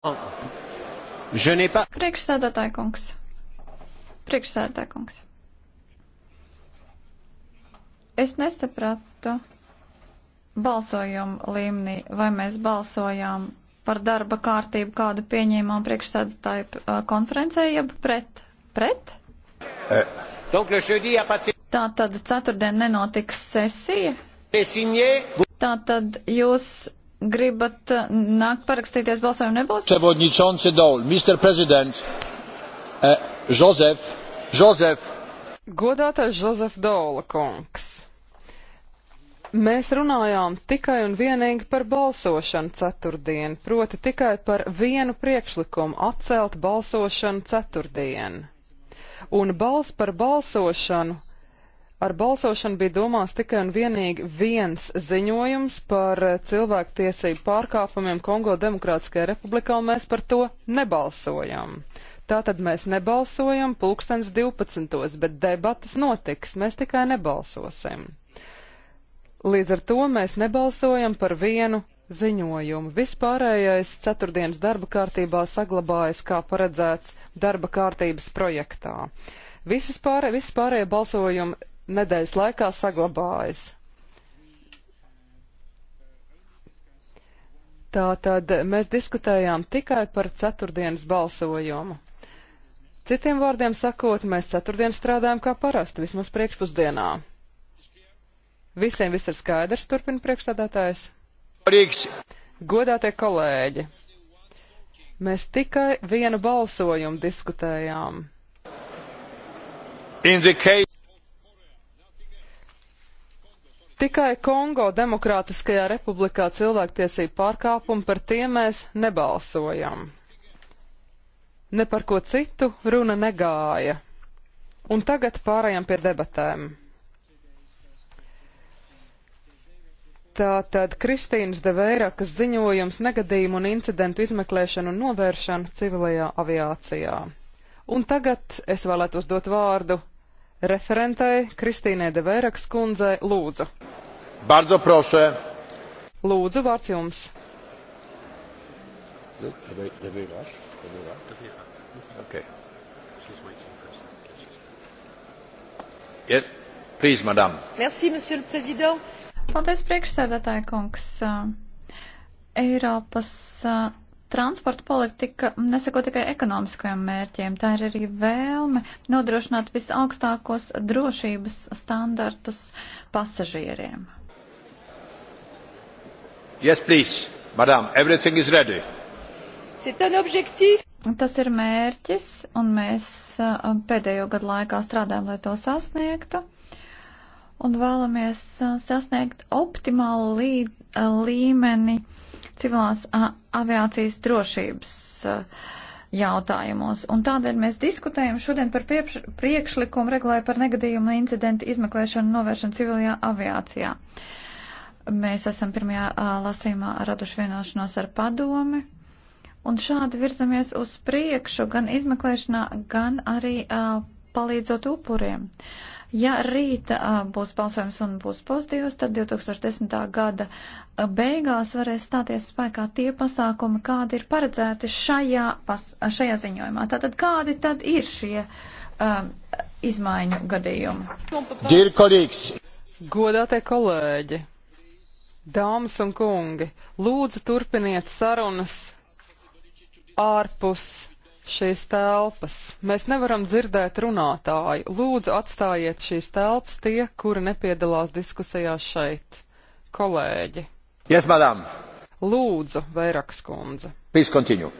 Oh. Pa... Priekšsēdētāja kungs. Priekšsēdētāja kungs. Es nesapratu balsojumu līmenī, vai mēs balsojām par darba kārtību, kādu pieņēmām priekšsēdētāju uh, konferencē, jeb pret? Pret? E. Tā tad ceturtdien nenotiks sesija. Tā tad jūs gribat uh, nākt parakstīties balsojumu nebūs? Przewodniczący Dole, Mr. President, eh, Josef, Josef. Godātais Josef Dola kungs. Mēs runājām tikai un vienīgi par balsošanu ceturtdien, proti tikai par vienu priekšlikumu atcelt balsošanu ceturtdien. Un balss par balsošanu Ar balsošanu bija domās tikai un vienīgi viens ziņojums par eh, cilvēktiesību pārkāpumiem Kongo Demokrātiskajā republikā, un mēs par to nebalsojam. Tātad mēs nebalsojam pulkstens 12. bet debatas notiks, mēs tikai nebalsosim. Līdz ar to mēs nebalsojam par vienu ziņojumu. Vispārējais ceturtdienas darba kārtībā saglabājas kā paredzēts darba kārtības projektā. Visas pārējie, visas pārējie balsojumi nedēļas laikā saglabājas. Tātad mēs diskutējām tikai par ceturtdienas balsojumu. Citiem vārdiem sakot, mēs ceturtdien strādājam kā parasti, vismaz priekšpusdienā. Visiem viss ir skaidrs, turpina priekšstādātājs. Rīks. Godātie kolēģi, mēs tikai vienu balsojumu diskutējām. Indicate. Tikai Kongo Demokrātiskajā republikā cilvēktiesību pārkāpumu par tiem mēs nebalsojam. Ne par ko citu runa negāja. Un tagad pārējām pie debatēm. Tātad Kristīnas Deveirakas ziņojums negadījumu un incidentu izmeklēšanu un novēršanu civilajā aviācijā. Un tagad es vēlētos dot vārdu referentei Kristīnai Deverakas kundzei. Lūdzu. Bardzo prošē. Lūdzu, vārds jums. Okay. Yes. Please, madam. Merci, monsieur le président. Paldies, priekšsēdētāja kungs. Eiropas Transporta politika nesako tikai ekonomiskajiem mērķiem, tā ir arī vēlme nodrošināt visaugstākos drošības standartus pasažieriem. Yes, please, madam, everything is ready. C'est un objectif. Tas ir mērķis, un mēs pēdējo gadu laikā strādājam, lai to sasniegtu. Un vēlamies sasniegt optimālu līdz līmeni civilās aviācijas drošības jautājumos. Un tādēļ mēs diskutējam šodien par priekšlikumu regulēju par negadījumu un incidentu izmeklēšanu un novēršanu civilajā aviācijā. Mēs esam pirmajā lasījumā raduši vienošanos ar padomi. Un šādi virzamies uz priekšu gan izmeklēšanā, gan arī uh, palīdzot upuriem. Ja rīta būs balsojums un būs pozitīvs, tad 2010. gada beigās varēs stāties spēkā tie pasākumi, kādi ir paredzēti šajā, pas, šajā ziņojumā. Tātad kādi tad ir šie um, izmaiņu gadījumi? Godātie kolēģi, dāmas un kungi, lūdzu turpiniet sarunas ārpus šīs telpas. Mēs nevaram dzirdēt runātāju. Lūdzu, atstājiet šīs telpas tie, kuri nepiedalās diskusijās šeit. Kolēģi. Yes, madam. Lūdzu, Vairakas kundze. Please continue.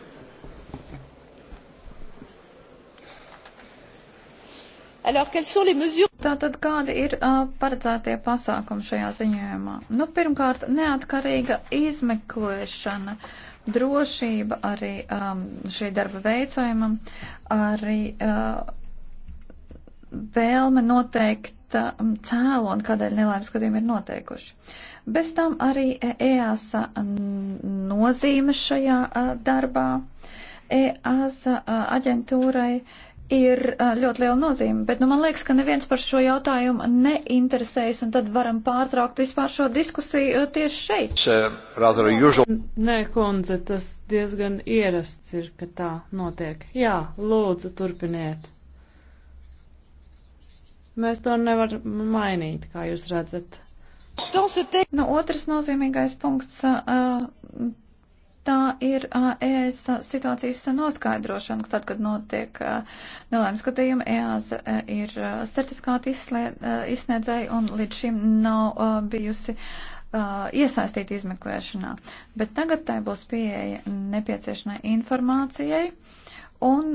Tātad kādi ir uh, paredzētie pasākumi šajā ziņojumā? Nu, pirmkārt, neatkarīga izmeklēšana drošība arī um, šī darba veicojumam, arī uh, vēlme noteikt um, cēloni, kādēļ nelaimes gadījumi ir noteikuši. Bez tam arī EASA nozīme šajā uh, darbā. EASA uh, aģentūrai uh, ir ļoti liela nozīme, bet nu, man liekas, ka neviens par šo jautājumu neinteresējas, un tad varam pārtraukt vispār šo diskusiju tieši šeit. Nē, kundze, tas diezgan ierasts ir, ka tā notiek. Jā, lūdzu, turpiniet. Mēs to nevaram mainīt, kā jūs redzat. Nu, otrs nozīmīgais punkts. Uh, tā ir ES situācijas noskaidrošana, tad, kad notiek nelēmas gadījumi, EAS ir certifikāti izsniedzēji un līdz šim nav bijusi iesaistīta izmeklēšanā. Bet tagad tai būs pieeja nepieciešamai informācijai un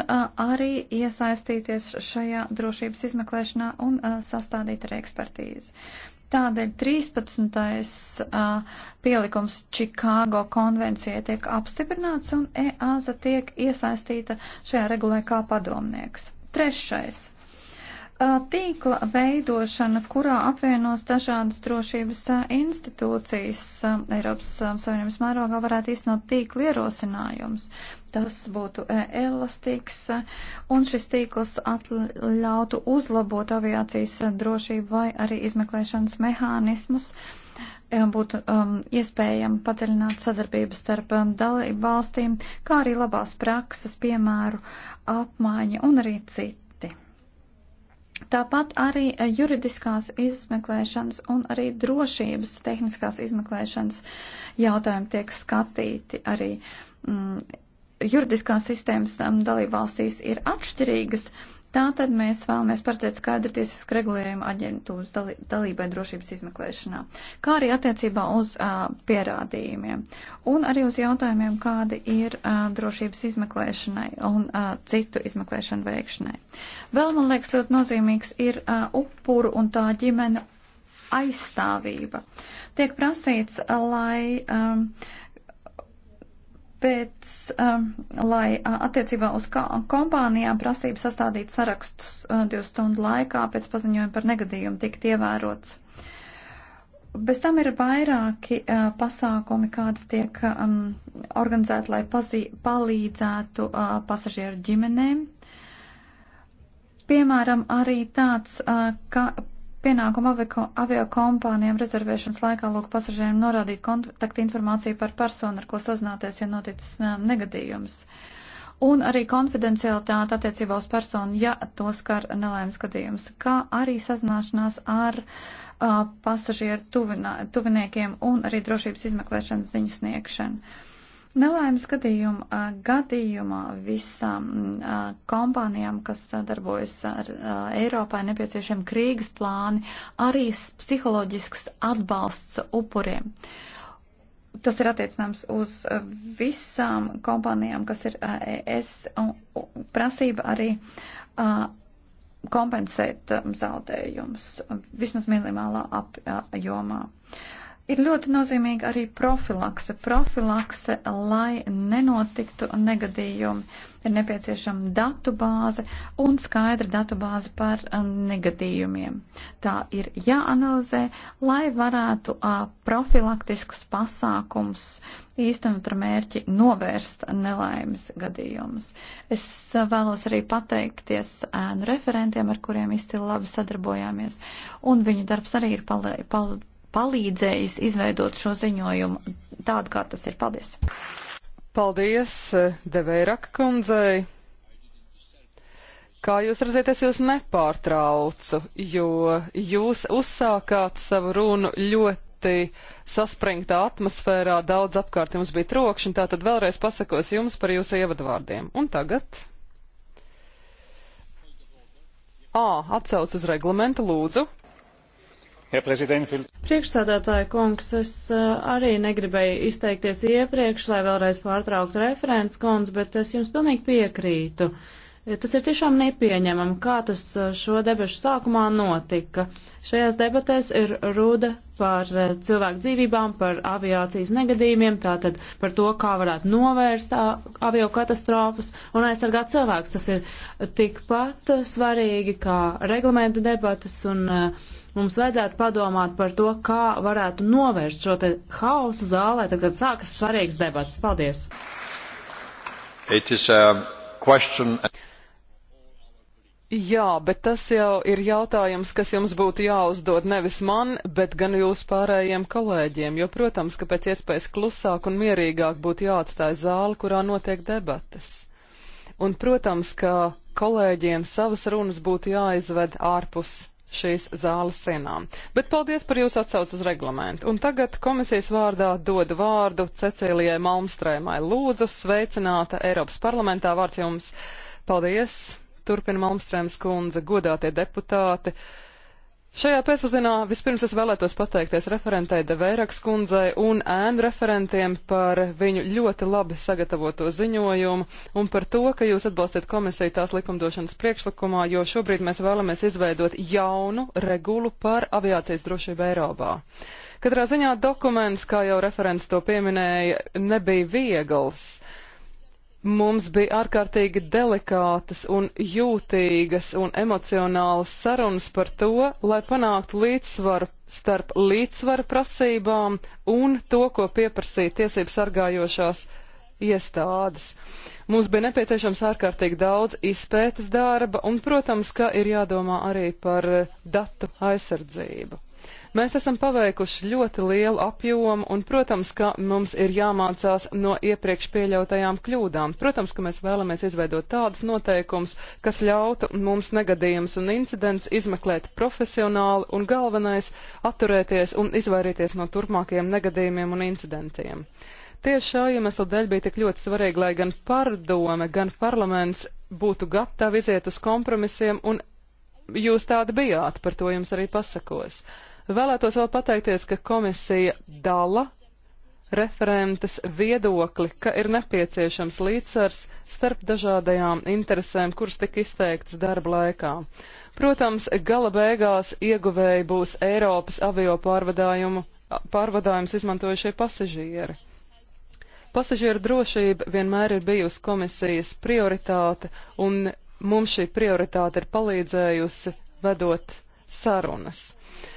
arī iesaistīties šajā drošības izmeklēšanā un sastādīt arī ekspertīzi. Tādēļ 13. pielikums Čikāgo konvencijai tiek apstiprināts un EASA tiek iesaistīta šajā regulē kā padomnieks. Trešais. Tīkla veidošana, kurā apvienos dažādas drošības institūcijas Eiropas Savienības mērogā varētu iznot tīkla ierosinājums tas būtu e, elastīgs e, un šis tīkls atļautu uzlabot aviācijas e, drošību vai arī izmeklēšanas mehānismus. Būtu um, iespējama padziļināt sadarbību starp um, dalību valstīm, kā arī labās prakses, piemēru apmaiņa un arī citi. Tāpat arī juridiskās izmeklēšanas un arī drošības tehniskās izmeklēšanas jautājumi tiek skatīti arī mm, juridiskās sistēmas um, dalību valstīs ir atšķirīgas, tātad mēs vēlamies paredzēt skaidru tiesisku regulējumu aģentūras dalī, dalībai drošības izmeklēšanā, kā arī attiecībā uz uh, pierādījumiem un arī uz jautājumiem, kādi ir uh, drošības izmeklēšanai un uh, citu izmeklēšanu veikšanai. Vēl, man liekas, ļoti nozīmīgs ir uh, upuru un tā ģimene aizstāvība. Tiek prasīts, lai um, uh, Tāpēc, um, lai attiecībā uz kompānijām prasību sastādīt sarakstus uh, divu stundu laikā pēc paziņojuma par negadījumu tikt ievērots. Bez tam ir vairāki uh, pasākumi, kādi tiek um, organizēti, lai pazī, palīdzētu uh, pasažieru ģimenēm. Piemēram, arī tāds, uh, ka pienākumu aviokompānijām rezervēšanas laikā lūk pasažieriem norādīt kontaktu informāciju par personu, ar ko sazināties, ja noticis negadījums. Un arī konfidencialitāte attiecībā uz personu, ja to skar nelaimes gadījums, kā arī sazināšanās ar uh, pasažieru tuvinā, tuviniekiem un arī drošības izmeklēšanas ziņu sniegšanu. Nelaimes gadījuma gadījumā visām kompānijām, kas darbojas ar Eiropā, ir nepieciešami krīgas plāni, arī psiholoģisks atbalsts upuriem. Tas ir attiecināms uz visām kompānijām, kas ir ES prasība arī kompensēt zaudējumus, vismaz minimālā apjomā. Uh, Ir ļoti nozīmīga arī profilakse. Profilakse, lai nenotiktu negadījumi, ir nepieciešama datu bāze un skaidra datu bāze par um, negadījumiem. Tā ir jāanalizē, lai varētu uh, profilaktiskus pasākums īstenot ar mērķi novērst nelaimes gadījumus. Es uh, vēlos arī pateikties ēnu referentiem, ar kuriem izcili labi sadarbojāmies, un viņu darbs arī ir palīdzējis. Pal palīdzējis izveidot šo ziņojumu tādu, kā tas ir. Paldies! Paldies eh, Deveirak kundzei! Kā jūs redzat, es jūs nepārtraucu, jo jūs uzsākāt savu runu ļoti saspringtā atmosfērā, daudz apkārt jums bija trokšņi, tātad vēlreiz pasakos jums par jūsu ievadvārdiem. Un tagad? Ā, atcauc uz reglamentu, lūdzu. Priekšsādātāja kungs, es eh, arī negribēju izteikties iepriekš, lai vēlreiz pārtrauktu referents kungs, bet es jums pilnīgi piekrītu. Uh, Tas ir tiešām nepieņemam, kā tas šo debašu sākumā notika. Šajās debatēs ir runa par cilvēku dzīvībām, par aviācijas negadījumiem, tātad par to, kā varētu novērst avio katastrofas un aizsargāt cilvēkus. Tas ir tikpat svarīgi kā reglamenta debatas un mums vajadzētu padomāt par to, kā varētu novērst šo te hausu zālē, tad, kad sākas svarīgs debats. Paldies! It is a question. Jā, bet tas jau ir jautājums, kas jums būtu jāuzdod nevis man, bet gan jūs pārējiem kolēģiem, jo, protams, ka pēc iespējas klusāk un mierīgāk būtu jāatstāj zāli, kurā notiek debatas. Un, protams, ka kolēģiem savas runas būtu jāizved ārpus šīs zāles sienām. Bet paldies par jūsu atsaucu uz reglamentu. Un tagad komisijas vārdā dodu vārdu Cecīlijai Malmstrēmai. Lūdzu, sveicināta Eiropas parlamentā vārds jums. Paldies! Turpina Malmstrēms kundze, godātie deputāti. Šajā pēcpusdienā vispirms es vēlētos pateikties referentei Deveiraks kundzei un ēnu referentiem par viņu ļoti labi sagatavoto ziņojumu un par to, ka jūs atbalstiet komisiju tās likumdošanas priekšlikumā, jo šobrīd mēs vēlamies izveidot jaunu regulu par aviācijas drošību Eiropā. Katrā ziņā dokuments, kā jau referents to pieminēja, nebija viegls. Uh, Mums bija ārkārtīgi delikātas un jūtīgas un emocionālas sarunas par to, lai panāktu līdzsvaru starp līdzsvaru prasībām un to, ko pieprasīja tiesību sargājošās iestādes. Mums bija nepieciešams ārkārtīgi daudz izpētes darba, un, protams, ka ir jādomā arī par datu aizsardzību. Mēs esam paveikuši ļoti lielu apjomu, un, protams, ka mums ir jāmācās no iepriekš pieļautajām kļūdām. Protams, ka mēs vēlamies izveidot tādus noteikumus, kas ļautu mums negadījumus un incidents izmeklēt profesionāli, un galvenais - atturēties un izvairīties no turpmākajiem negadījumiem un incidentiem. Tieši šā iemesla dēļ bija tik ļoti svarīgi, lai gan pārdome, gan parlaments būtu gatavi iziet uz kompromisiem, un jūs tādi bijāt, par to jums arī pasakos. Vēlētos vēl pateikties, ka komisija dala referentes viedokli, ka ir nepieciešams līdzsvars starp dažādajām interesēm, kuras tika izteikts darba laikā. Protams, gala beigās ieguvēji būs Eiropas avio pārvadājumus izmantojušie pasažieri. Pasažieru drošība vienmēr ir bijusi komisijas prioritāte, un mums šī prioritāte ir palīdzējusi vedot sarunas. Uh,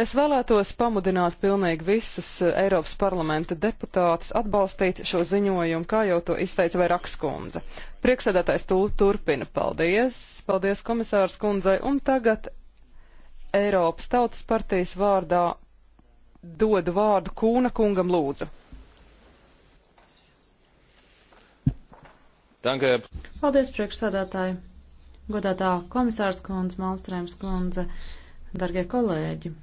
Es vēlētos pamudināt pilnīgi visus eh, Eiropas parlamenta deputātus atbalstīt šo ziņojumu, kā jau to izteica vairākas kundze. Priekšsēdētājs tu, turpina. Paldies! Paldies komisārs kundzei! Un tagad Eiropas tautas partijas vārdā dodu vārdu Kūna kungam lūdzu. Danke. Paldies, priekšsādātāji. Godātā komisārs kundze, Malmstrēms kundze, dargie kolēģi.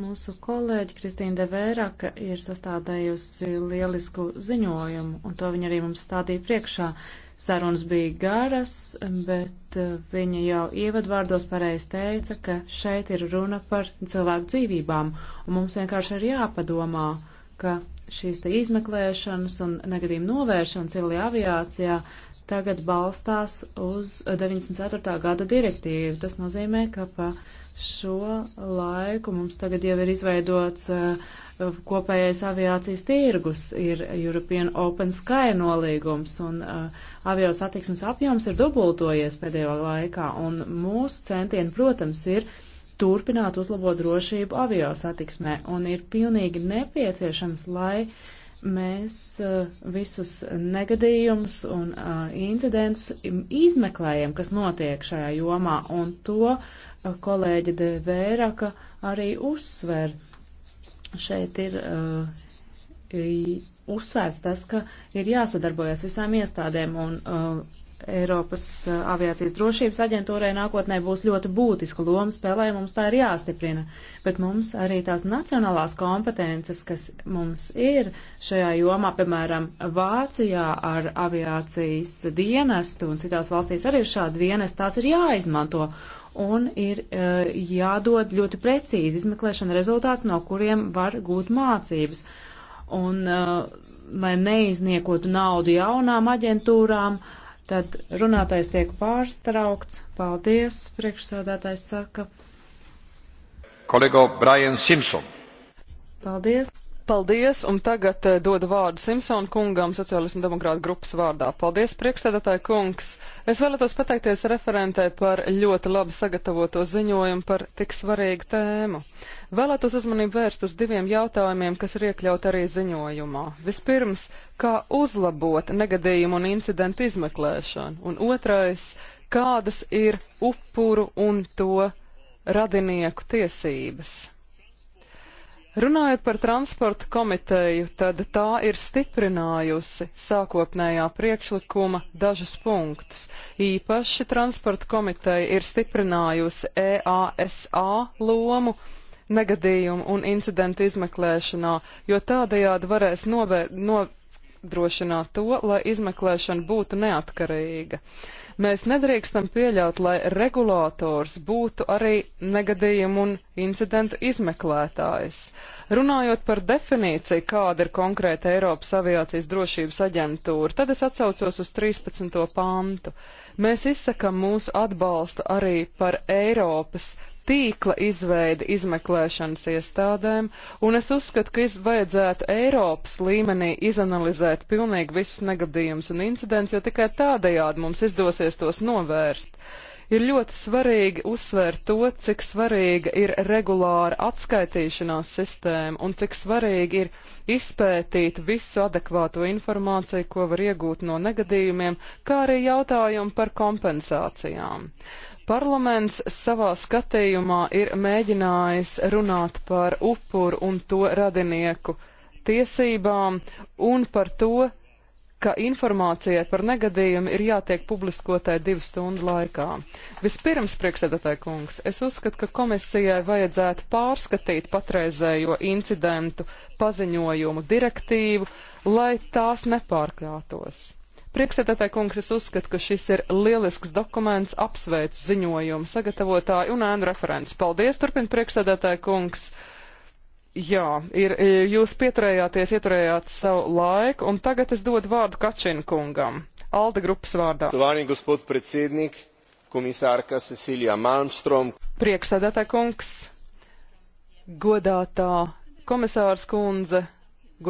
Mūsu kolēģi Kristīna Devēraka ir sastādējusi lielisku ziņojumu, un to viņa arī mums stādīja priekšā. Sarunas bija garas, bet eh, viņa jau ievadvārdos pareiz teica, ka šeit ir runa par cilvēku dzīvībām, un mums vienkārši ir jāpadomā, ka šīs te izmeklēšanas un negadījuma novēršana civilajā aviācijā tagad balstās uz 94. gada direktīvu. Tas nozīmē, ka pa šo laiku mums tagad jau ir izveidots uh, kopējais aviācijas tirgus, ir European Open Sky nolīgums, un uh, avio satiksmes apjoms ir dubultojies pēdējo laikā, un mūsu centieni, protams, ir turpināt uzlabot drošību avio satiksmē, un ir pilnīgi nepieciešams, lai uh, mēs eh, visus negadījumus un eh, incidentus izmeklējam, kas notiek šajā jomā, un to eh, kolēģi De Vēraka arī uzsver. Šeit ir uzsvērts tas, ka ir jāsadarbojas visām iestādēm un uh, Eiropas aviācijas drošības aģentūrai nākotnē būs ļoti būtiska loma spēlē, mums tā ir jāstiprina, bet mums arī tās nacionālās kompetences, kas mums ir šajā jomā, piemēram, Vācijā ar aviācijas dienestu un citās valstīs arī ir šādi dienesti, tās ir jāizmanto un ir uh, jādod ļoti precīzi izmeklēšana rezultāts, no kuriem var gūt mācības. Un, uh, lai neizniekotu naudu jaunām aģentūrām, uh, Tad runātais tiek pārstraukts. Paldies, priekšsādātājs saka. Kolego Brian Simpson. Paldies. Paldies, un tagad eh, dodu vārdu Simpson kungam sociālistu un demokrātu grupas vārdā. Paldies, priekšsēdētāja kungs. Es vēlētos pateikties referentē par ļoti labi sagatavoto ziņojumu par tik svarīgu tēmu. Vēlētos uzmanību vērst uz diviem jautājumiem, kas ir iekļaut arī ziņojumā. Vispirms, kā uzlabot negadījumu un incidentu izmeklēšanu, un otrais, kādas ir upuru un to radinieku tiesības. Runājot par transporta komiteju, tad tā ir stiprinājusi sākotnējā priekšlikuma dažus punktus. Īpaši transporta komiteja ir stiprinājusi EASA lomu negadījumu un incidentu izmeklēšanā, jo tādējādi varēs novē, no, nodrošināt to, lai izmeklēšana būtu neatkarīga. Mēs nedrīkstam pieļaut, lai regulators būtu arī negadījumu un incidentu izmeklētājs. Runājot par definīciju, kāda ir konkrēta Eiropas aviācijas drošības aģentūra, tad es atsaucos uz 13. pantu. Mēs izsakam mūsu atbalstu arī par Eiropas tīkla izveidi izmeklēšanas iestādēm, un es uzskatu, ka vajadzētu Eiropas līmenī izanalizēt pilnīgi visus negadījumus un incidents, jo tikai tādējādi mums izdosies tos novērst. Ir ļoti svarīgi uzsvērt to, cik svarīga ir regulāra atskaitīšanās sistēma un cik svarīgi ir izpētīt visu adekvāto informāciju, ko var iegūt no negadījumiem, kā arī jautājumu par kompensācijām. Parlaments savā skatījumā ir mēģinājis runāt par upuru un to radinieku tiesībām un par to, ka informācijai par negadījumu ir jātiek publiskotai divu stundu laikā. Vispirms, priekšsēdētāji kungs, es uzskatu, ka komisijai vajadzētu pārskatīt patreizējo incidentu paziņojumu direktīvu, lai tās nepārkrātos. Priekšsēdētāji kungs, es uzskatu, ka šis ir lielisks dokuments, apsveicu ziņojumu sagatavotāju un ēnu referents. Paldies, turpina priekšsēdētāji kungs. Jā, ir, jūs pieturējāties, ieturējāt savu laiku, un tagad es dodu vārdu Kačina kungam. Alda grupas vārdā. Tvārī, gospod predsēdnik, komisārka Cecilija Malmstrom. Priekšsēdētāji kungs, godātā komisārs kundze,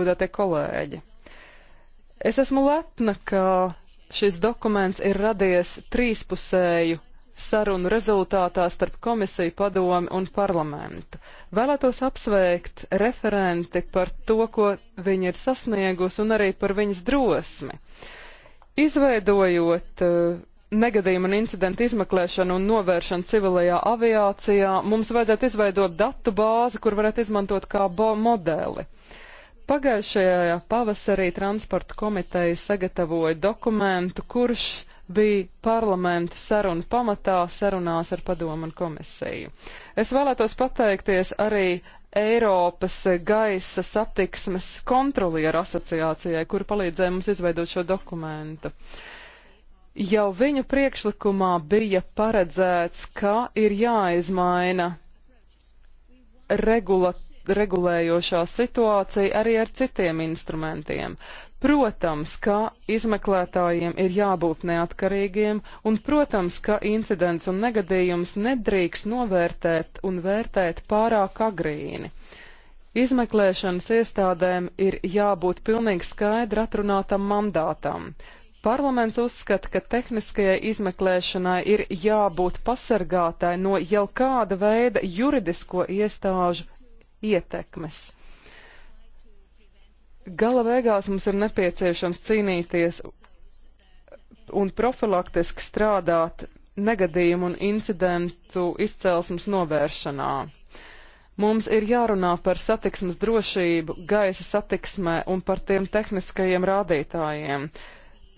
godātie kolēģi. Es esmu lepna, ka šis dokuments ir radies trīspusēju sarunu rezultātā starp komisiju, padomi un parlamentu. Vēlētos apsveikt referenti par to, ko viņi ir sasniegusi un arī par viņas drosmi. Izveidojot uh, negadījumu un incidentu izmeklēšanu un novēršanu civilajā aviācijā, mums vajadzētu izveidot datu bāzi, kur varētu izmantot kā modeli. Uh, Pagājušajā pavasarī transporta komiteja sagatavoja dokumentu, kurš bija parlamenta saruna pamatā sarunās ar padomu un komisiju. Es vēlētos pateikties arī Eiropas gaisa satiksmes kontrolieru asociācijai, kur palīdzēja mums izveidot šo dokumentu. Jau viņu priekšlikumā bija paredzēts, ka ir jāizmaina regulatīvi regulējošā situācija arī ar citiem instrumentiem. Protams, ka izmeklētājiem ir jābūt neatkarīgiem, un, protams, ka incidents un negadījums nedrīkst novērtēt un vērtēt pārāk agrīni. Izmeklēšanas iestādēm ir jābūt pilnīgi skaidri atrunātam mandātam. Parlaments uzskata, ka tehniskajai izmeklēšanai ir jābūt pasargātai no jau kāda veida juridisko iestāžu ietekmes. Gala beigās mums ir nepieciešams cīnīties un profilaktiski strādāt negadījumu un incidentu izcelsmes novēršanā. Mums ir jārunā par satiksmes drošību, gaisa satiksmē un par tiem tehniskajiem rādītājiem.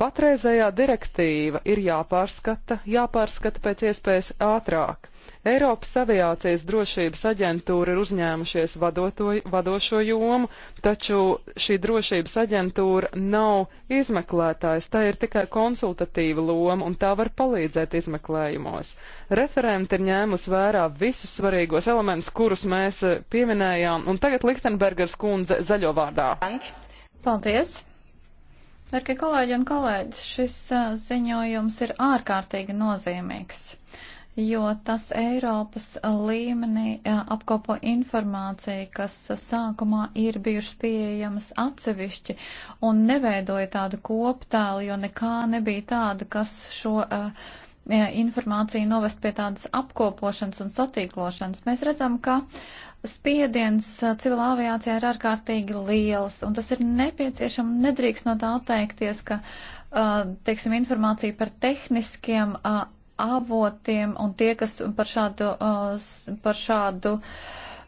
Patreizējā direktīva ir jāpārskata, jāpārskata pēc iespējas ātrāk. Eiropas aviācijas drošības aģentūra ir uzņēmušies vadoto, vadošo jomu, taču šī drošības aģentūra nav izmeklētājs, tā ir tikai konsultatīva loma un tā var palīdzēt izmeklējumos. Referenti ir ņēmusi vērā visus svarīgos elementus, kurus mēs pieminējām, un tagad Lichtenbergers kundze zaļo vārdā. Paldies! Darbie kolēģi un kolēģi, šis ziņojums ir ārkārtīgi nozīmīgs, jo tas Eiropas līmenī apkopo informāciju, kas sākumā ir bijušas pieejamas atsevišķi un neveidoja tādu koptēlu, jo nekā nebija tāda, kas šo uh, informāciju novest pie tādas apkopošanas un satīklošanas. Mēs redzam, ka uh, spiediens civilā aviācijā ir ārkārtīgi liels, un tas ir nepieciešams, nedrīkst no tā atteikties, ka, teiksim, informācija par tehniskiem avotiem un tie, kas par šādu, par šādu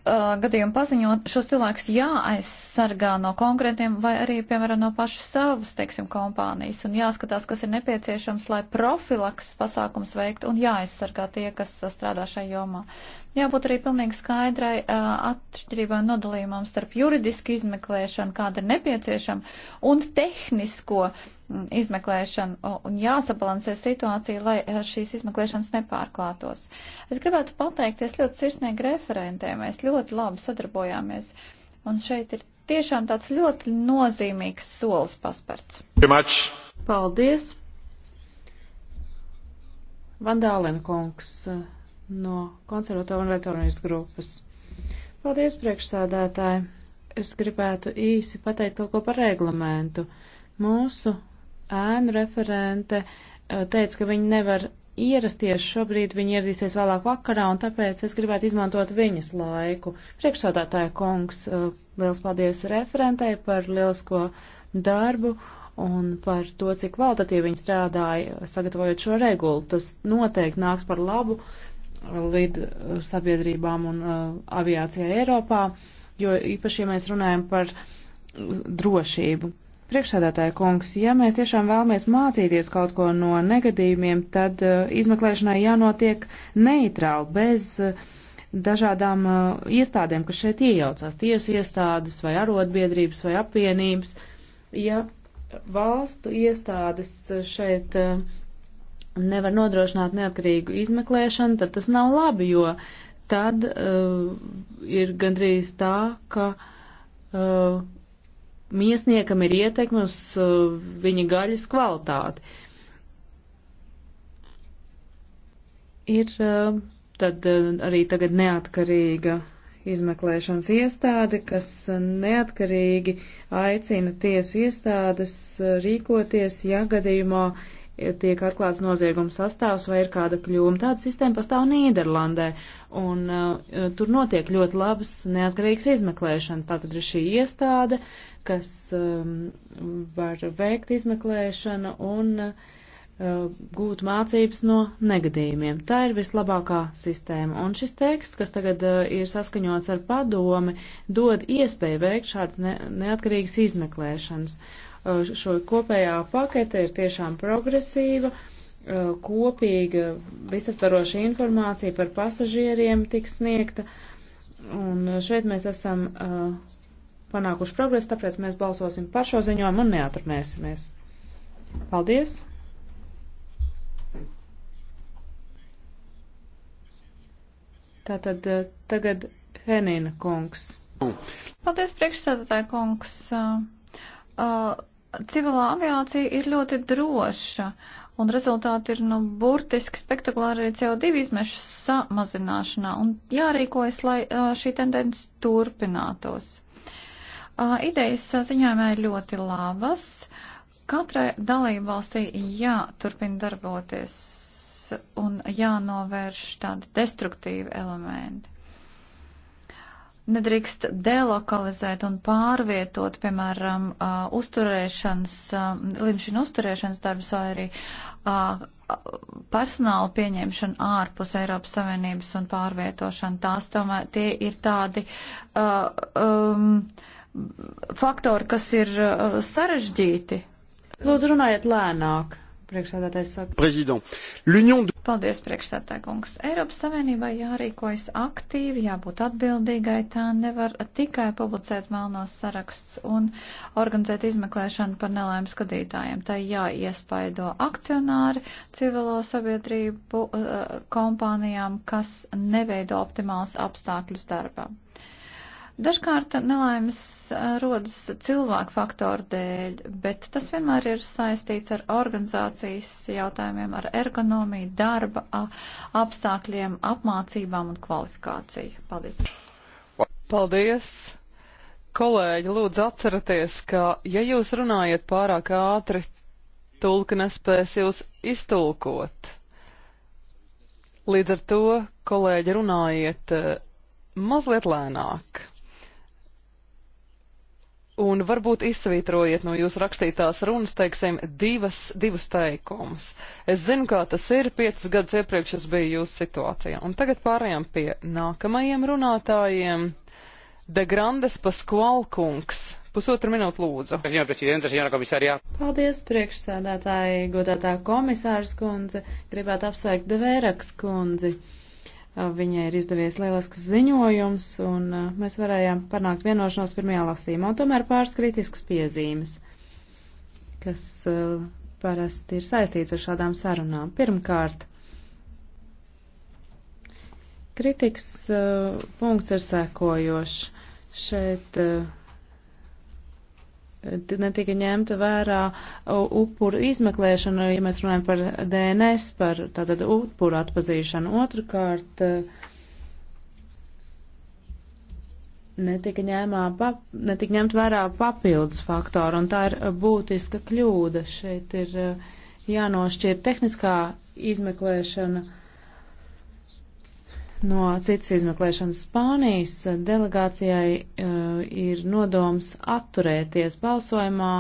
gadījumu paziņot, šos cilvēkus jāaizsargā no konkrētiem vai arī, piemēram, no pašas savas, teiksim, kompānijas, un jāskatās, kas ir nepieciešams, lai profilaks pasākums veikt un jāaizsargā tie, kas strādā šai jomā. Uh, Jābūt arī pilnīgi skaidrai uh, atšķirībai nodalījumam starp juridisku izmeklēšanu, kāda ir nepieciešama, un tehnisko izmeklēšanu, un jāsabalansē situācija, lai šīs izmeklēšanas nepārklātos. Es gribētu pateikties ļoti sirsnīgi referentēm, mēs ļoti labi sadarbojāmies, un šeit ir tiešām tāds ļoti nozīmīgs solis pasparts. Paldies! Vandālēna kungs no konservatora un reformistu grupas. Paldies, priekšsādātāji! Es gribētu īsi pateikt kaut ko par reglamentu. Mūsu ēnu referente eh, teica, ka viņi nevar ierasties šobrīd, viņi ieradīsies vēlāk vakarā, un tāpēc es gribētu izmantot viņas laiku. Priekšsādātāja kungs, eh, liels paldies referentei par lielisko darbu un par to, cik kvalitatīvi viņi strādāja, sagatavojot šo regulu. Tas noteikti nāks par labu lid uh, sabiedrībām un uh, aviācijai Eiropā, jo īpaši, ja mēs runājam par uh, drošību. Priekšsēdētāja kungs, ja mēs tiešām vēlamies mācīties kaut ko no negadījumiem, tad uh, izmeklēšanai jānotiek neitrāli, bez uh, dažādām uh, iestādēm, kas šeit iejaucās, tiesu iestādes vai arotbiedrības vai apvienības. Ja valstu iestādes šeit uh, nevar nodrošināt neatkarīgu izmeklēšanu, tad tas nav labi, jo tad uh, ir gandrīz tā, ka uh, miesniekam ir ietekme uz uh, viņa gaļas kvalitāti. Ir uh, tad uh, arī tagad neatkarīga izmeklēšanas iestāde, kas neatkarīgi aicina tiesu iestādes uh, rīkoties, ja gadījumā uh, tiek atklāts nozieguma sastāvs vai ir kāda kļūma. Tāda sistēma pastāv Nīderlandē, un uh, tur notiek ļoti labas neatkarīgas izmeklēšana. Tātad ir šī iestāde, kas um, var veikt izmeklēšanu un uh, gūt mācības no negadījumiem. Tā ir vislabākā sistēma, un šis teksts, kas tagad uh, ir saskaņots ar padomi, dod iespēju veikt šādas ne neatkarīgas izmeklēšanas. Uh, Eh, šo kopējā pakete ir tiešām progresīva, eh, kopīga, visaptvaroša informācija par pasažieriem tiks sniegta, un eh, šeit mēs esam panākuši progresu, tāpēc mēs balsosim par šo ziņojumu un neatrunēsimies. Paldies! Tātad tagad Henina kungs. Paldies, priekšstādātāja kungs. Uh, uh, civilā aviācija ir ļoti droša, un rezultāti ir nu, burtiski spektakulāri arī CO2 izmešu samazināšanā, un jārīkojas, lai šī tendence turpinātos. Idejas ziņojumā ir ļoti labas. Katrai dalību valstī jāturpina darboties un jānovērš tādi destruktīvi elementi nedrīkst delokalizēt un pārvietot, piemēram, uzturēšanas, limšina uzturēšanas darbs vai arī personāla pieņemšana ārpus Eiropas Savienības un pārvietošana. Tās tomēr tie ir tādi uh, um, faktori, kas ir uh, sarežģīti. Lūdzu, runājiet lēnāk. Priekšsēdētājs saka. Prezident. L'Union. Paldies, priekšsēdētāj kungs. Eiropas Savienībai jārīkojas aktīvi, jābūt atbildīgai. Tā nevar tikai publicēt melnos saraksts un organizēt izmeklēšanu par nelēmu skatītājiem. Tā jāiespaido akcionāri civilo sabiedrību eh, kompānijām, kas neveido optimāls apstākļus darbam. Dažkārt nelaimes eh, rodas cilvēku faktoru dēļ, bet tas vienmēr ir saistīts ar organizācijas jautājumiem, ar ergonomiju, darba apstākļiem, apmācībām un kvalifikāciju. Paldies! Paldies! Kolēģi, lūdzu atceraties, ka ja jūs runājat pārāk ātri, tulka nespēs jūs iztulkot. Līdz ar to, kolēģi, runājiet eh, mazliet lēnāk. Un varbūt izsvītrojiet no jūsu rakstītās runas, teiksim, divas, divus teikumus. Es zinu, kā tas ir, piecas gadus iepriekš es biju jūsu situācijā. Un tagad pārējām pie nākamajiem runātājiem. De Grandes Paskvalkungs. Pusotru minūtu lūdzu. Paldies, priekšsēdētāji, godātā komisārs kundze. Gribētu apsveikt Devēraks kundzi. Uh, Viņai ir izdevies lielisks ziņojums, un mēs varējām panākt vienošanos pirmajā lasīmā, un tomēr pāris kritiskas piezīmes, kas parasti ir saistīts ar šādām sarunām. Pirmkārt, kritikas punkts ir sekojošs. Šeit uh, netika ņemta vērā upuru izmeklēšana, ja mēs runājam par DNS, par tātad upuru atpazīšanu. Otrakārt, netika, ņēmā, pap, netika ņemt vērā papildus faktoru, un tā ir būtiska kļūda. Šeit ir eh, jānošķir tehniskā izmeklēšana no citas izmeklēšanas Spānijas delegācijai uh, ir nodoms atturēties balsojumā,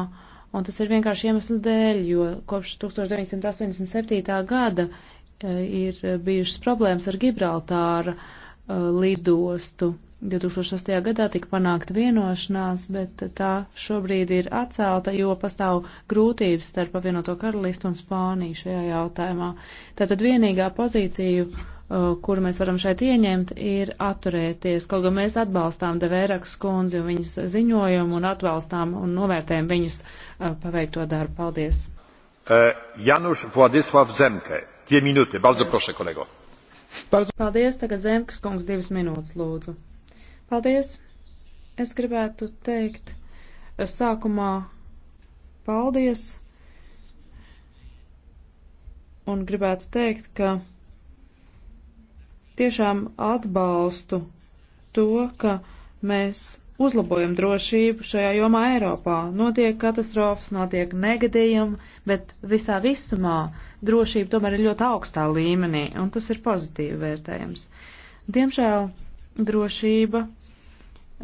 un tas ir vienkārši iemesli dēļ, jo kopš 1987. gada uh, ir bijušas problēmas ar Gibraltāra uh, lidostu. 2008. gadā tika panākta vienošanās, bet tā šobrīd ir atcelta, jo pastāv grūtības starp apvienoto karalistu un Spāniju šajā jautājumā. Tātad vienīgā pozīciju uh, Uh, kuru mēs varam šeit ieņemt, ir atturēties. Kaut gan mēs atbalstām Devērakas kundzi un viņas ziņojumu un atbalstām un novērtējam viņas uh, paveikto darbu. Paldies. E, Januš Vladislav Zemke, tie minūte. Bardzo prošu, kolego. Paldies, tagad Zemkas kungs divas minūtes lūdzu. Paldies. Es gribētu teikt e, sākumā paldies un gribētu teikt, ka tiešām atbalstu to, ka mēs uzlabojam drošību šajā jomā Eiropā. Notiek katastrofas, notiek negadījumi, bet visā visumā drošība tomēr ir ļoti augstā līmenī, un tas ir pozitīvi vērtējams. Diemžēl drošība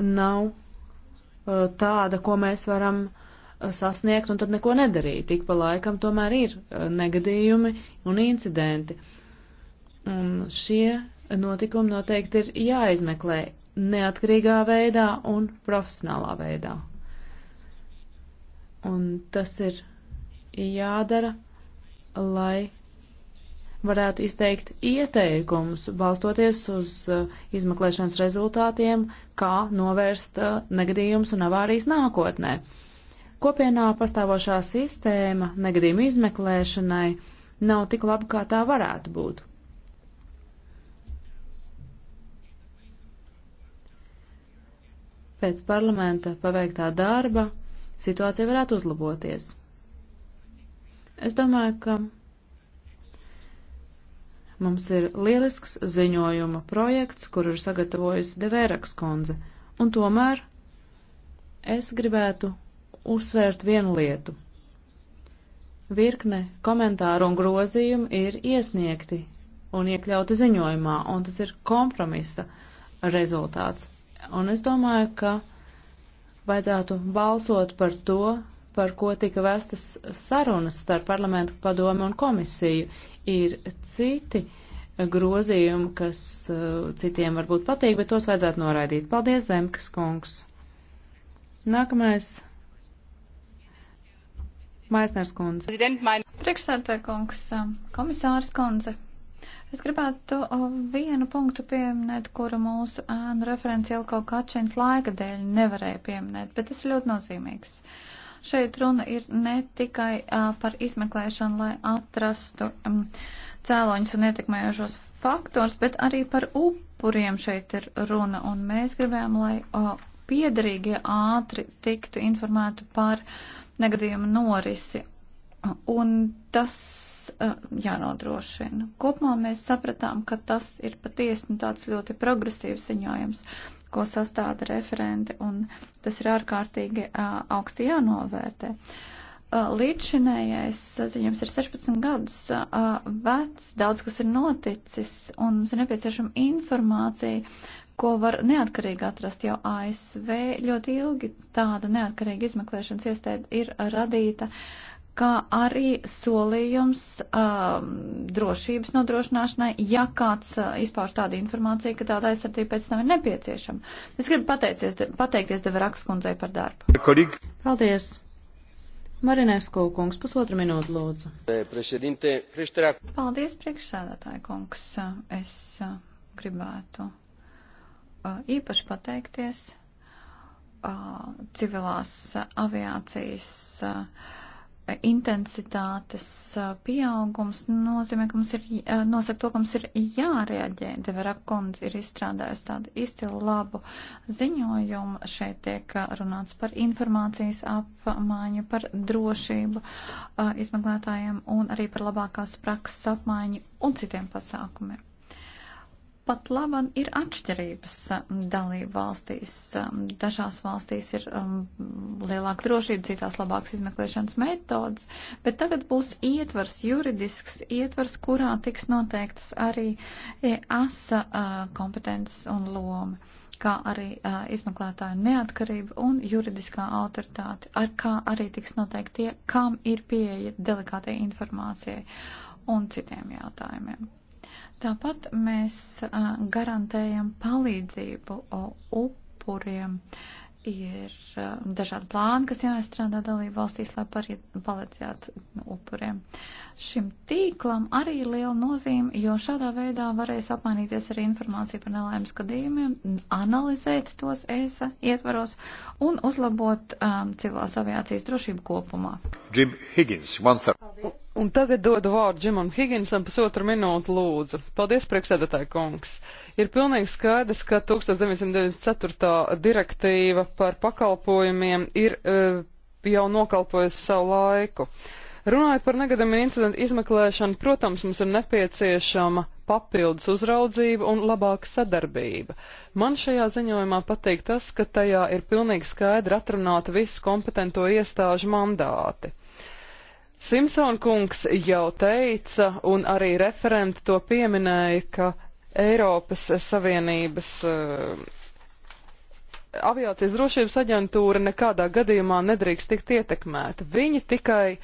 nav uh, tāda, ko mēs varam uh, sasniegt un tad neko nedarīt. Tik pa laikam tomēr ir uh, negadījumi un incidenti. Un šie notikumi noteikti ir jāizmeklē neatkarīgā veidā un profesionālā veidā. Un tas ir jādara, lai varētu izteikt ieteikumus, balstoties uz uh, izmeklēšanas rezultātiem, kā novērst uh, negadījums un avārijas nākotnē. Kopienā pastāvošā sistēma negadījuma izmeklēšanai nav tik laba, kā tā varētu būt. pēc parlamenta paveiktā darba situācija varētu uzlaboties. Es domāju, ka mums ir lielisks ziņojuma projekts, kuru ir sagatavojusi Devēraks kundze, un tomēr es gribētu uzsvērt vienu lietu. Virkne komentāru un grozījumu ir iesniegti un iekļauti ziņojumā, un tas ir kompromisa rezultāts. Un es domāju, ka vajadzētu balsot par to, par ko tika vestas sarunas starp parlamentu padomu un komisiju. Ir citi grozījumi, kas uh, citiem varbūt patīk, bet tos vajadzētu noraidīt. Paldies, Zemkas kungs! Nākamais. Maisners kundze. Priekšsēdētāja kungs, um, komisārs kundze, Es gribētu vienu punktu pieminēt, kuru mūsu ēnu referents Jelko Kačins laika dēļ nevarēja pieminēt, bet tas ir ļoti nozīmīgs. Šeit runa ir ne tikai uh, par izmeklēšanu, lai atrastu um, cēloņus un ietekmējošos faktors, bet arī par upuriem šeit ir runa, un mēs gribējām, lai o, piedarīgie ātri tiktu informēti par negadījumu norisi. Un tas jānodrošina. Kopumā mēs sapratām, ka tas ir patiesi tāds ļoti progresīvs ziņojums, ko sastāda referenti, un tas ir ārkārtīgi augsti jānovērtē. Līdzšinējais ziņojums ir 16 gadus vecs, daudz kas ir noticis, un mums ir nepieciešama informācija, ko var neatkarīgi atrast jau ASV. Ļoti ilgi tāda neatkarīga izmeklēšanas iestāde ir radīta, kā arī solījums um, drošības nodrošināšanai, ja kāds uh, izpauž tādu informāciju, ka tāda aizsardzība pēc tam ir nepieciešama. Es gribu pateicies, de, pateikties Deverakas kundzei par darbu. Kolīgi. Paldies! Marinesko kungs, pusotra minūte lūdzu. Eh, Prešedinte, prešterā. Paldies, priekšsēdētāji kungs. Es uh, gribētu uh, īpaši pateikties uh, civilās uh, aviācijas. Uh, intensitātes pieaugums nozīmē, ka mums ir nosaka to, ka mums ir jārēģē. Devera kundze ir izstrādājusi tādu izcilu labu ziņojumu. Šeit tiek runāts par informācijas apmaiņu, par drošību izmeklētājiem un arī par labākās prakses apmaiņu un citiem pasākumiem pat laban ir atšķirības um, dalību valstīs. Um, dažās valstīs ir um, lielāka drošība, citās labāks izmeklēšanas metodas, bet tagad būs ietvars, juridisks ietvars, kurā tiks noteiktas arī asa e uh, kompetences un loma kā arī uh, izmeklētāja neatkarība un juridiskā autoritāte, ar kā arī tiks noteikti tie, kam ir pieeja delikātai informācijai un citiem jautājumiem. Tāpat mēs garantējam palīdzību upuriem. Uh, ir um, dažādi plāni, kas jāizstrādā dalību valstīs, lai palīdzētu upuriem. Šim tīklam arī ir liela nozīme, jo šādā veidā varēs apmainīties arī informāciju par nelaimes gadījumiem, analizēt tos ESA ietvaros un uzlabot um, civilās aviācijas drošību kopumā. Jim Higgins, un, un tagad dodu vārdu Džimam Higginsam pusotru minūtu lūdzu. Paldies, priekšsēdētāji kungs! Uh, Ir pilnīgi skaidrs, ka 1994. direktīva par pakalpojumiem ir e, jau nokalpojusi savu laiku. Runājot par negadamību incidentu izmeklēšanu, protams, mums ir nepieciešama papildus uzraudzība un labāka sadarbība. Man šajā ziņojumā patīk tas, ka tajā ir pilnīgi skaidri atrunāta visu kompetento iestāžu mandāti. Simpson kungs jau teica, un arī referenti to pieminēja, ka Eiropas Savienības uh, aviācijas drošības aģentūra nekādā gadījumā nedrīkst tikt ietekmēta. Viņi tikai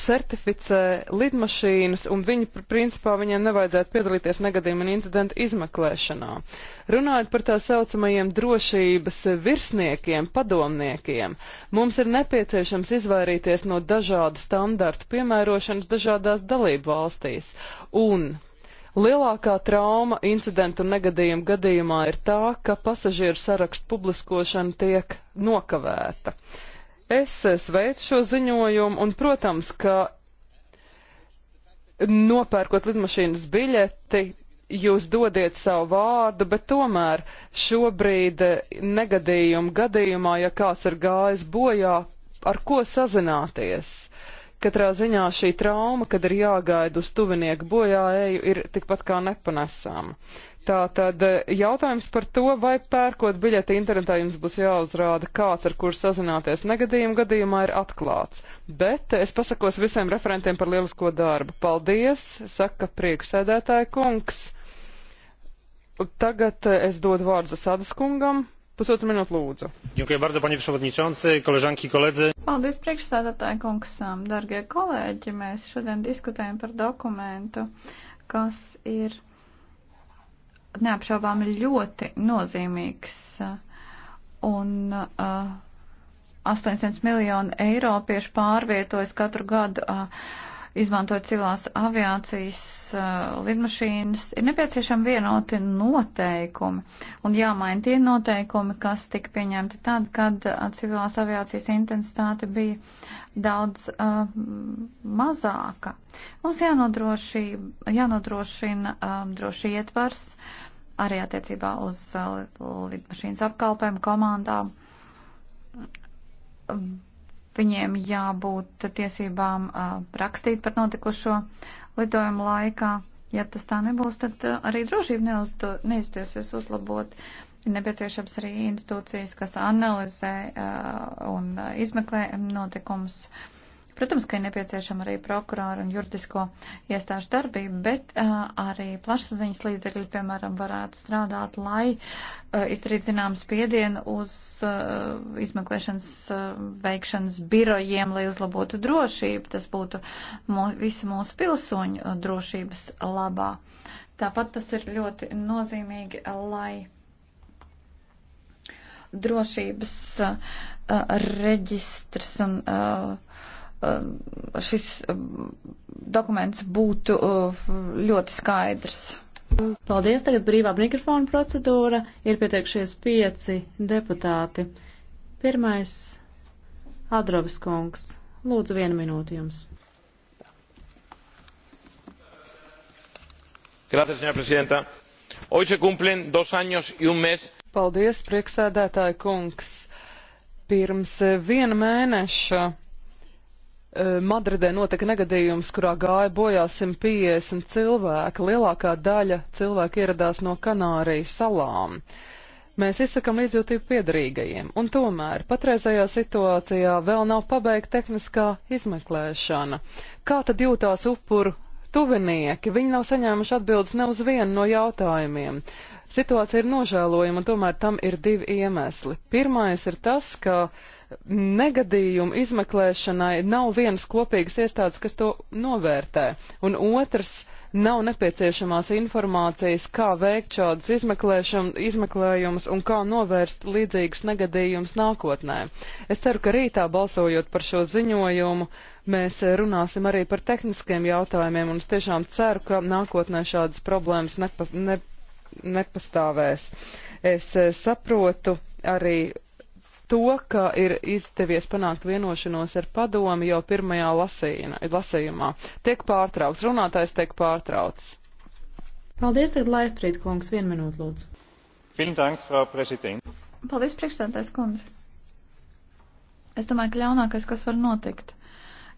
certificē lidmašīnas, un viņi, principā, viņiem nevajadzētu piedalīties negadījuma un incidentu izmeklēšanā. Runājot par tā saucamajiem drošības virsniekiem, padomniekiem, mums ir nepieciešams izvairīties no dažādu standartu piemērošanas dažādās dalību valstīs. Un Lielākā trauma incidentu un negadījumu gadījumā ir tā, ka pasažieru sarakstu publiskošana tiek nokavēta. Es sveicu šo ziņojumu un, protams, ka nopērkot lidmašīnas biļeti, jūs dodiet savu vārdu, bet tomēr šobrīd negadījumu gadījumā, ja kāds ir gājis bojā, ar ko sazināties? Uh, Katrā ziņā šī trauma, kad ir jāgaida uz tuvinieku bojāēju, ir tikpat kā nepanesama. Tātad eh, jautājums par to, vai pērkot biļeti internetā jums būs jāuzrāda kāds, ar kur sazināties negadījuma gadījumā, ir atklāts. Bet es pasakos visiem referentiem par lielisko darbu. Paldies, saka priekšsēdētāja kungs. Tagad eh, es dodu vārdu Sadas kungam. Pusotru minūtu lūdzu. Paldies, priekšstādātāji kungs, dargie kolēģi. Mēs šodien diskutējam par dokumentu, kas ir neapšaubām ļoti nozīmīgs. Un uh, 800 miljonu eiropiešu pārvietojas katru gadu. Uh, izmantojot civilās aviācijas uh, lidmašīnas, ir nepieciešami vienoti noteikumi un jāmaina tie noteikumi, kas tika pieņemti tad, kad uh, civilās aviācijas intensitāte bija daudz uh, mazāka. Mums jānodroši, jānodrošina uh, droši ietvars arī attiecībā uz uh, lidmašīnas apkalpēm, komandām. Uh, Viņiem jābūt tiesībām rakstīt par notikušo lidojumu laikā. Ja tas tā nebūs, tad arī drošība neizdosies uzlabot. Ir nepieciešams arī institūcijas, kas analizē un izmeklē notikumus. Uh, Protams, ka ir nepieciešama arī prokuroru un juridisko iestāžu darbība, bet uh, arī plašsaziņas līdzekļi, piemēram, varētu strādāt, lai uh, izdarītu zināmu spiedienu uz uh, izmeklēšanas uh, veikšanas birojiem, lai uzlabotu drošību. Tas būtu mū, visu mūsu pilsoņu uh, drošības labā. Tāpat tas ir ļoti nozīmīgi, lai drošības uh, reģistrs un uh, Um, šis um, dokuments būtu uh, ļoti skaidrs. Paldies, tagad brīvā mikrofona procedūra. Ir pieteikšies pieci deputāti. Pirmais - Adrovas kungs. Lūdzu, vienu minūti jums. Gracias, señora presidenta. Hoy se cumplen dos años y un mes. Paldies, prieksēdētāja kungs. Pirms viena mēneša Eh, Madridē notika negadījums, kurā gāja bojā 150 cilvēki. Lielākā daļa cilvēku ieradās no Kanārijas salām. Mēs izsakam līdzjūtību piedarīgajiem, un tomēr patreizajā situācijā vēl nav pabeigta tehniskā izmeklēšana. Kā tad jūtās upuru tuvinieki? Viņi nav saņēmuši atbildes ne uz vienu no jautājumiem. Situācija ir nožēlojama, un tomēr tam ir divi iemesli. Pirmais ir tas, ka negadījumu izmeklēšanai nav vienas kopīgas iestādes, kas to novērtē, un otrs nav nepieciešamās informācijas, kā veikt šādas izmeklējumus un kā novērst līdzīgus negadījumus nākotnē. Es ceru, ka rītā balsojot par šo ziņojumu, mēs runāsim arī par tehniskiem jautājumiem, un es tiešām ceru, ka nākotnē šādas problēmas nepa, ne, nepastāvēs. Es eh, saprotu arī to, ka ir izdevies panākt vienošanos ar padomi jau pirmajā lasīna, lasījumā. Tiek pārtraukts, runātājs tiek pārtraukts. Paldies, tagad Laistrīt kungs, vienu minūtu lūdzu. Vielen Dank, Frau Präsident. Paldies, priekšstādājs kundze. Es domāju, ka ļaunākais, kas var notikt,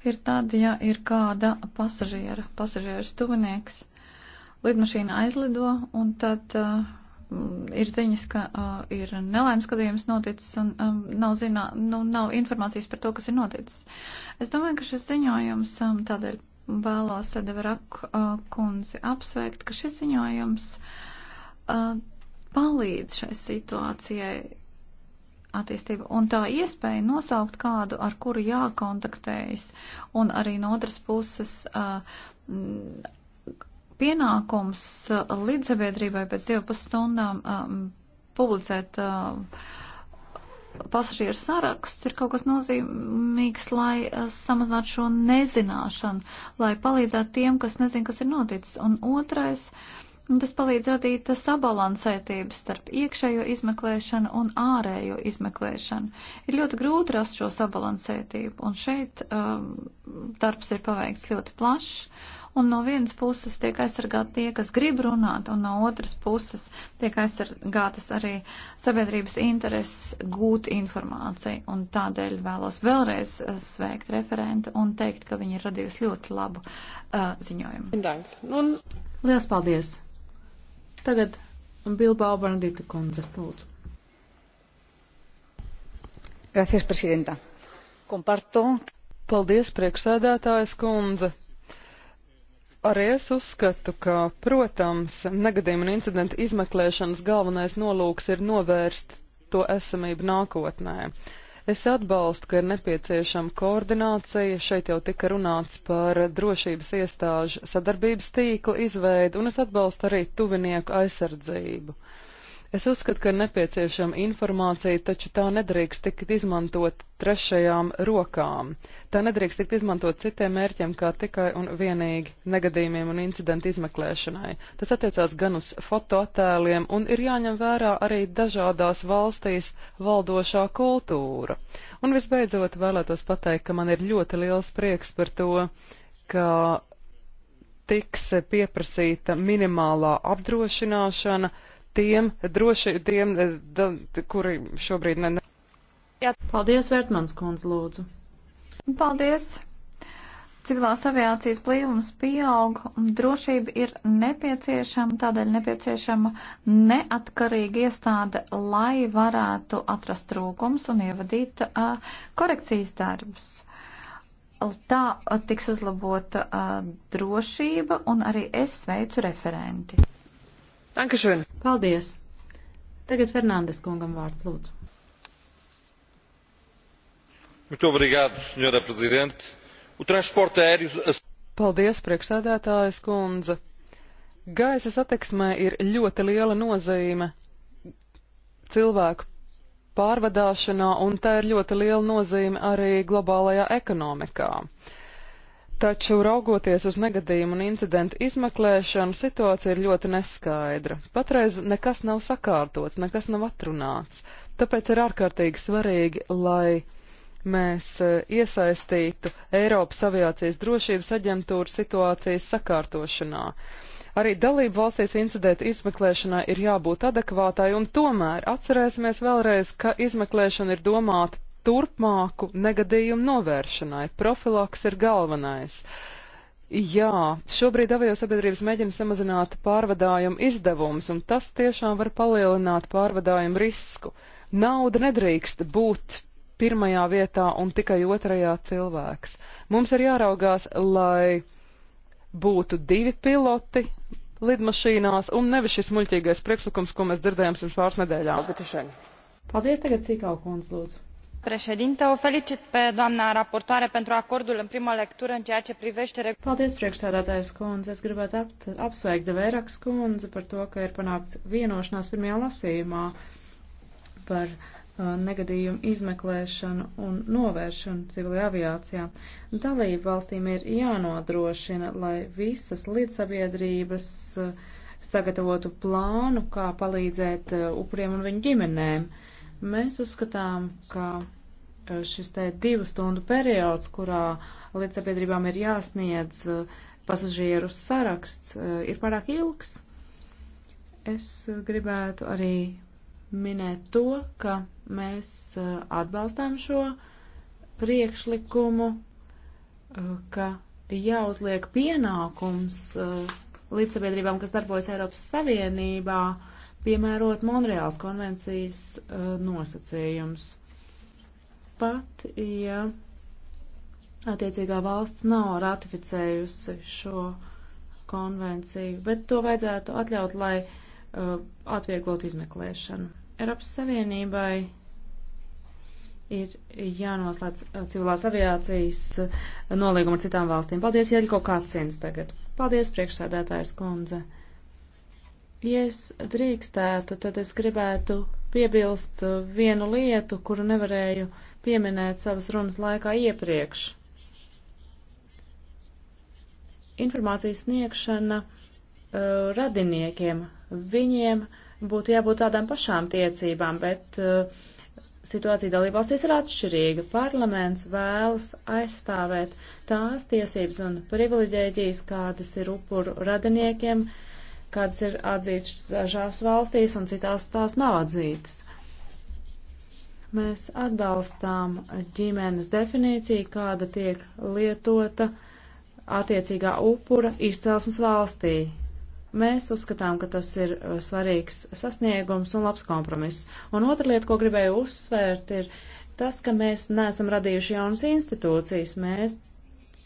ir tad, ja ir kāda pasažiera, pasažieris tuvinieks. Lidmašīna aizlido un tad uh, Mm, ir ziņas, ka uh, ir nelaimes gadījums noticis un um, nav, zinā, nu, nav informācijas par to, kas ir noticis. Es domāju, ka šis ziņojums um, tādēļ vēlos Edevaraku uh, kundzi apsveikt, ka šis ziņojums uh, palīdz šai situācijai attīstību un tā iespēja nosaukt kādu, ar kuru jākontaktējas un arī no otras puses uh, pienākums uh, līdzsabiedrībai pēc divu pusstundām um, publicēt um, pasažieru sarakstus ir kaut kas nozīmīgs, lai uh, samazinātu šo nezināšanu, lai palīdzētu tiem, kas nezin, kas ir noticis. Un otrais, tas palīdz radīt sabalansētību starp iekšējo izmeklēšanu un ārējo izmeklēšanu. Ir ļoti grūti rast šo sabalansētību, un šeit um, darbs ir paveikts ļoti plašs un no vienas puses tiek aizsargāti tie, kas grib runāt, un no otras puses tiek aizsargātas arī sabiedrības intereses gūt informāciju. Un tādēļ vēlos vēlreiz eh, sveikt referentu un teikt, ka viņi ir radījusi ļoti labu uh, ziņojumu. Un... Lielas paldies! Tagad Bilbao Bandita kundze, lūdzu. Gracias, presidenta. Comparto. Paldies, priekšsēdētājas kundze Arī es uzskatu, ka, protams, negadījuma un incidenta izmeklēšanas galvenais nolūks ir novērst to esamību nākotnē. Es atbalstu, ka ir nepieciešama koordinācija. Šeit jau tika runāts par drošības iestāžu sadarbības tīkla izveidu, un es atbalstu arī tuvinieku aizsardzību. Uh, Es uzskatu, ka ir nepieciešama informācija, taču tā nedrīkst tikt izmantot trešajām rokām. Tā nedrīkst tikt izmantot citiem mērķiem kā tikai un vienīgi negadījumiem un incidentu izmeklēšanai. Tas attiecās gan uz fotoattēliem un ir jāņem vērā arī dažādās valstīs valdošā kultūra. Un visbeidzot vēlētos pateikt, ka man ir ļoti liels prieks par to, ka tiks pieprasīta minimālā apdrošināšana tiem droši, tiem, eh, da, kuri šobrīd ne. Jā. Paldies, Vērtmans kundze, lūdzu. Paldies. Civilās aviācijas blīvums pieaug un drošība ir nepieciešama, tādēļ nepieciešama neatkarīga iestāde, lai varētu atrast trūkums un ievadīt uh, korekcijas darbus. Tā tiks uzlabota uh, drošība un arī es sveicu referenti. Dankeschön. Paldies. Tagad Fernandes kungam vārds lūdzu. Muito obrigado, senhora presidente. O transporte aéreo. Paldies, priekšsēdētājas kundze. Gaisa satiksmē ir ļoti liela nozīme cilvēku pārvadāšanā, un tā ir ļoti liela nozīme arī globālajā ekonomikā. Uh, Taču, raugoties uz negadījumu un incidentu izmeklēšanu, situācija ir ļoti neskaidra. Patreiz nekas nav sakārtots, nekas nav atrunāts. Tāpēc ir ārkārtīgi svarīgi, lai mēs e, iesaistītu Eiropas aviācijas drošības aģentūru situācijas sakārtošanā. Arī dalību valstīs incidentu izmeklēšanai ir jābūt adekvātai, un tomēr atcerēsimies vēlreiz, ka izmeklēšana ir domāta turpmāku negadījumu novēršanai. Profilaks ir galvenais. Jā, šobrīd aviosabiedrības mēģina samazināt pārvadājumu izdevumus, un tas tiešām var palielināt pārvadājumu risku. Nauda nedrīkst būt pirmajā vietā un tikai otrajā cilvēks. Mums ir jāraugās, lai būtu divi piloti lidmašīnās un nevis šis muļķīgais priekšlikums, ko mēs dzirdējām pirms pāris nedēļām. Paldies, tagad Cikau kundz, lūdzu o felicit pe doamna raportoare pentru acordul în primă lectură în ceea ce privește. Paldies, priekšsēdētājs kundze. Es gribētu ap, apsveikt Devērakas kundze par to, ka ir panākts vienošanās pirmajā lasījumā par uh, negadījumu izmeklēšanu un novēršanu civilajā aviācijā. Dalību valstīm ir jānodrošina, lai visas līdzsabiedrības uh, sagatavotu plānu, kā palīdzēt uh, upuriem un viņu ģimenēm. Uh, Mēs uzskatām, ka e, šis te divu stundu periods, kurā līdzsabiedrībām ir jāsniedz e, pasažieru saraksts, e, ir pārāk ilgs. Es gribētu arī minēt to, ka mēs atbalstām šo priekšlikumu, ka jāuzliek pienākums līdzsabiedrībām, kas darbojas Eiropas Savienībā, uh, piemērot Monreāls konvencijas uh, nosacījums. Pat, ja attiecīgā valsts nav ratificējusi šo konvenciju, bet to vajadzētu atļaut, lai uh, atvieglotu izmeklēšanu. Eiropas Savienībai ir jānoslēdz uh, civilās aviācijas uh, nolīguma ar citām valstīm. Paldies, Jeļko Kācins tagad. Paldies, priekšsēdētājs kundze. Ja es drīkstētu, tad es gribētu piebilst vienu lietu, kuru nevarēju pieminēt savas runas laikā iepriekš. Informācijas sniegšana uh, radiniekiem, viņiem būtu jābūt tādām pašām tiecībām, bet uh, situācija dalībvalstīs ir atšķirīga. Parlaments vēlas aizstāvēt tās tiesības un privileģēģijas, kādas ir upuru radiniekiem, uh, kādas ir atzītas dažās valstīs un citās tās nav atzītas. Mēs atbalstām ģimenes definīciju, kāda tiek lietota attiecīgā upura izcelsmes valstī. Mēs uzskatām, ka tas ir uh, svarīgs sasniegums un labs kompromiss. Un otra lieta, ko gribēju uzsvērt, ir tas, ka mēs neesam radījuši jaunas institūcijas, mēs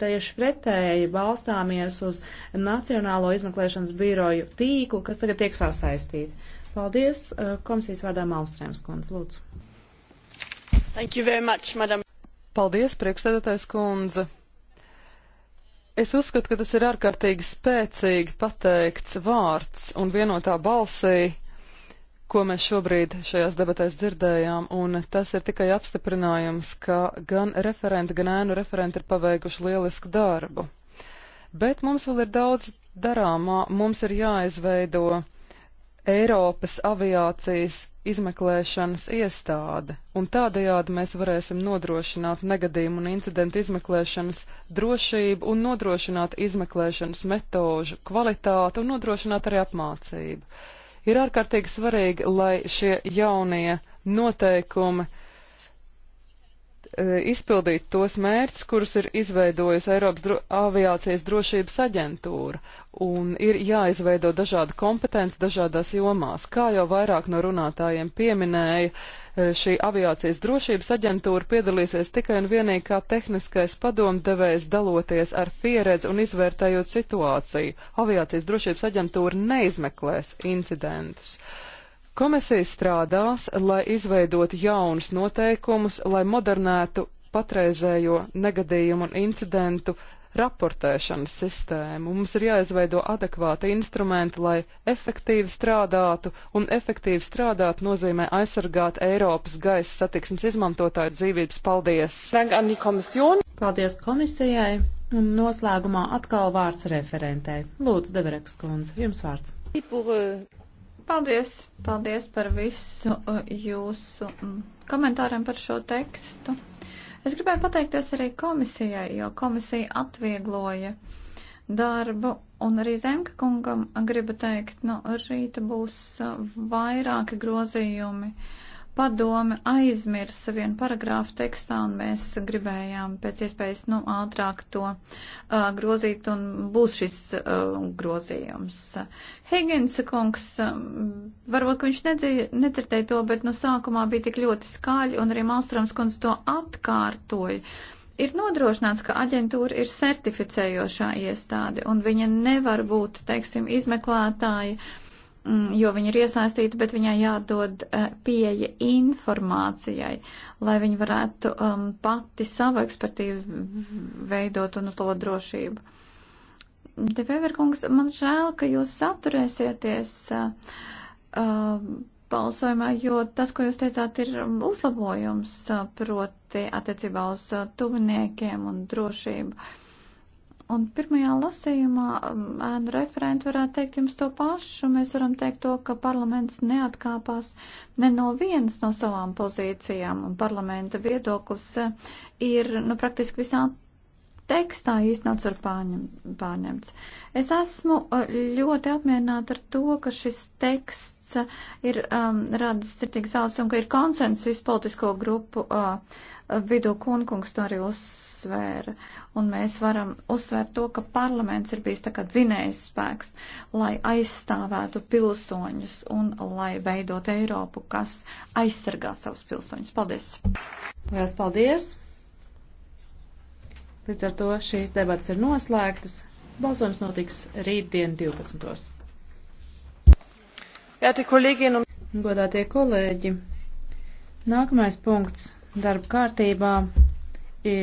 tieši pretēji balstāmies uz Nacionālo izmeklēšanas biroju tīklu, kas tagad tiek sasaistīti. Paldies, eh, komisijas vārdā Malmstrēms kundze, lūdzu. Thank you very much, madam. Paldies, priekšsēdētājs kundze. Es uzskatu, ka tas ir ārkārtīgi spēcīgi pateikts vārds un vienotā balsī ko mēs šobrīd šajās debatēs dzirdējām, un tas ir tikai apstiprinājums, ka gan referenti, gan ēnu referenti ir paveikuši lielisku darbu. Bet mums vēl ir daudz darāmā, mums ir jāizveido Eiropas aviācijas izmeklēšanas iestāde, un tādējādi mēs varēsim nodrošināt negadījumu un incidentu izmeklēšanas drošību un nodrošināt izmeklēšanas metožu kvalitāti un nodrošināt arī apmācību. Ir ārkārtīgi svarīgi, lai šie jaunie noteikumi E, izpildīt tos mērķus, kurus ir izveidojusi Eiropas dro aviācijas drošības aģentūra, un ir jāizveido dažādi kompetenci dažādās jomās. Kā jau vairāk no runātājiem pieminēja, e, šī aviācijas drošības aģentūra piedalīsies tikai un vienīgi kā tehniskais padomdevējs daloties ar pieredzi un izvērtējot situāciju. Aviācijas drošības aģentūra neizmeklēs incidentus. Uh, Komisija strādās, lai izveidotu jaunus noteikumus, lai modernētu patreizējo negadījumu un incidentu raportēšanas sistēmu. Mums ir jāizveido adekvāti instrumenti, lai efektīvi strādātu, un efektīvi strādāt nozīmē aizsargāt Eiropas gaisa satiksmes izmantotāju dzīvības. Paldies! Paldies komisijai! Un noslēgumā atkal vārds referentei. Lūdzu, Devereks kundze, jums vārds. Euh, Paldies, paldies par visu uh, jūsu mm, komentāriem par šo tekstu. Es gribēju pateikties arī komisijai, jo komisija atviegloja darbu, un arī Zemka kungam gribu teikt, no nu, rīta būs uh, vairāki grozījumi. Uh, Padome aizmirsa vienu paragrāfu tekstā, un mēs gribējām pēc iespējas nu, ātrāk to uh, grozīt, un būs šis uh, grozījums. Higgins kungs, um, varbūt, ka viņš nedzird, nedzirdēja to, bet no sākumā bija tik ļoti skaļi, un arī Malstroms kungs to atkārtoja. Uh, ir nodrošināts, ka aģentūra ir certificējošā iestāde, un viņa nevar būt, teiksim, izmeklētāja Mm, jo viņa ir iesaistīta, bet viņai jādod eh, pieeja informācijai, lai viņa varētu um, pati savu ekspertīvu veidot un uzlabot drošību. Te Vēverkungs, man žēl, ka jūs saturēsieties uh, uh, balsojumā, jo tas, ko jūs teicāt, ir um, uzlabojums, uh, proti attiecībā uz uh, tuviniekiem un drošību. Uh, Un pirmajā lasījumā um, ēnu referenti varētu teikt jums to pašu. Mēs varam teikt to, ka parlaments neatkāpās ne no vienas no savām pozīcijām, un parlamenta viedoklis eh, ir nu, praktiski visā tekstā īstenots ar pārņem, pārņemts. Es esmu eh, ļoti apmierināta ar to, ka šis teksts eh, ir um, radis citīgs zāles un ka ir konsens vispolitisko grupu uh, vidū kunkungs to arī uzsvēra un mēs varam uzsvērt to, ka parlaments ir bijis tā kā dzinējs spēks, lai aizstāvētu pilsoņus un lai veidot Eiropu, kas aizsargā savus pilsoņus. Paldies! Lielas paldies! Līdz ar to šīs debatas ir noslēgtas. Balsojums notiks rītdien 12. Jā, tie kolēģi un... Nu- Godātie kolēģi, nākamais punkts darba kārtībā